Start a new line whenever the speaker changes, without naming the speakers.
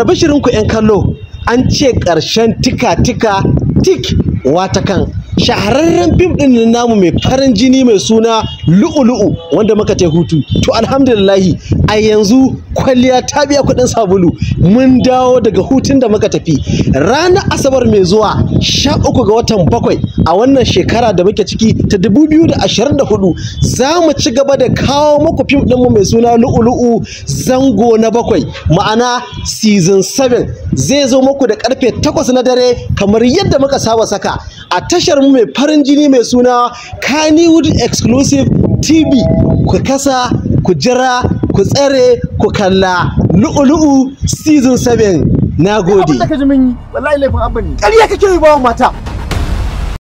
Rabashirinku 'yan kallo, an ce ƙarshen tika-tika tik kan. shahararren fim ɗin namu mai farin jini mai suna lu'ulu'u wanda muka ta hutu to alhamdulillahi a yanzu kwalliya ta biya kuɗin sabulu mun dawo daga hutun da muka tafi ranar asabar mai zuwa sha uku ga watan bakwai a wannan shekara da muke ciki ta dubu biyu da ashirin da hudu za mu ci gaba da kawo muku fim ɗinmu mai suna lu'ulu'u zango na bakwai ma'ana season 7 zai zo muku da karfe takwas na dare kamar yadda muka saba saka a tashar mu mai farin jini mai suna Kannywood Exclusive TV ku kasa ku jira ku tsare ku kalla lu'ulu'u season 7 na gode. kake yi bawa mata.